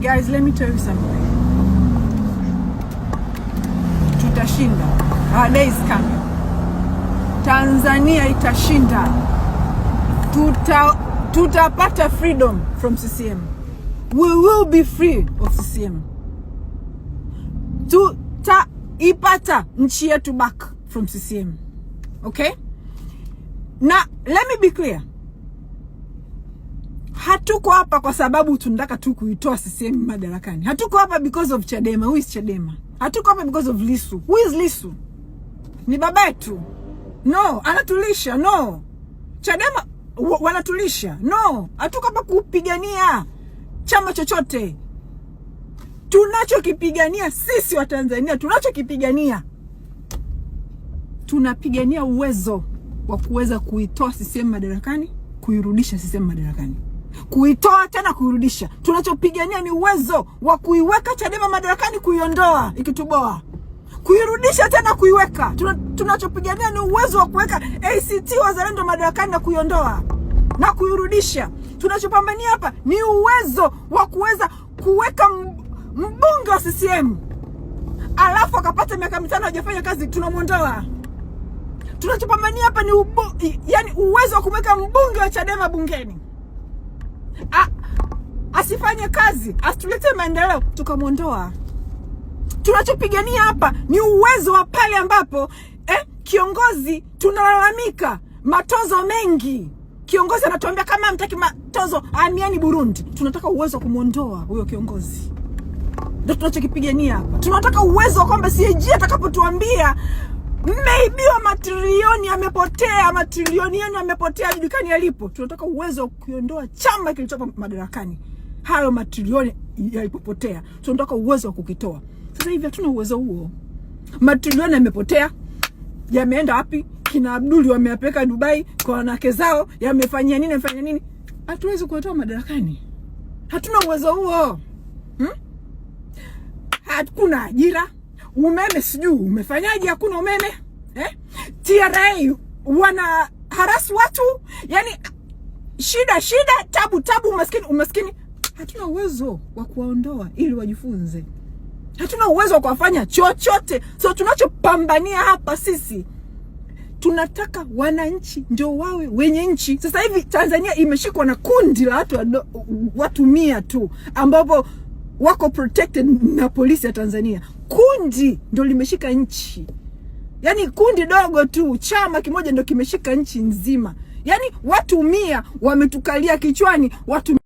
Guys, let me tell you something. Tutashinda. Our day is coming. Tanzania itashinda. Tuta, tutapata freedom from CCM. We will be free of CCM. Tutaipata nchi yetu back from CCM. Okay? Now, let me be clear hatuko hapa kwa sababu tunataka tu kuitoa CCM madarakani. Hatuko hapa because of Chadema. Who is Chadema? Hatuko hapa because of Lisu. Who is Lisu? Ni baba yetu? No, anatulisha? No. Chadema wanatulisha? No. Hatuko hapa kupigania chama chochote. Tunachokipigania sisi wa Tanzania, tunachokipigania tunapigania uwezo wa kuweza kuitoa CCM madarakani, kuirudisha CCM madarakani kuitoa tena kuirudisha. Tunachopigania ni uwezo wa kuiweka Chadema madarakani, kuiondoa ikituboa, kuirudisha tena kuiweka. Tunachopigania ni uwezo wa kuweka ACT Wazalendo madarakani na kuiondoa na kuirudisha. Tunachopambania hapa ni uwezo wa kuweza kuweka mbunge wa CCM alafu akapata miaka mitano hajafanya kazi, tunamwondoa. Tunachopambania hapa ni ubo, yani uwezo wa kumweka mbunge wa Chadema bungeni asifanye kazi, asitulete maendeleo, tukamwondoa. Tunachopigania hapa ni uwezo wa pale ambapo eh, kiongozi tunalalamika matozo mengi kiongozi anatuambia kama mtaki matozo amiani Burundi. Tunataka uwezo wa kumwondoa huyo kiongozi, ndo tunachokipigania hapa. Tunataka uwezo wa kwamba CAG atakapotuambia mmeibiwa, matrilioni yamepotea, matrilioni yenu yamepotea, hajulikani yalipo. Tunataka uwezo wa kukiondoa chama kilichopo madarakani, hayo matrilioni yalipopotea, tunataka uwezo wa kukitoa. Sasa hivi hatuna uwezo huo, matrilioni yamepotea yameenda wapi? Kina Abduli wameyapeleka Dubai kwa wanawake zao, yamefanyia nini? Yamefanyia nini? Hatuwezi kuwatoa madarakani, hatuna uwezo huo hmm? Hakuna ajira umeme sijui umefanyaje, hakuna umeme eh? TRA wana haras watu yani, shida shida, tabu tabu, umaskini umaskini. Hatuna uwezo wa kuwaondoa ili wajifunze, hatuna uwezo wa kuwafanya chochote. So tunachopambania hapa sisi tunataka wananchi ndio wawe wenye nchi. Sasa hivi Tanzania imeshikwa na kundi la watu, watu mia tu ambapo wako protected na polisi ya Tanzania kundi ndo limeshika nchi, yaani kundi dogo tu, chama kimoja ndo kimeshika nchi nzima. Yaani watu mia wametukalia kichwani watu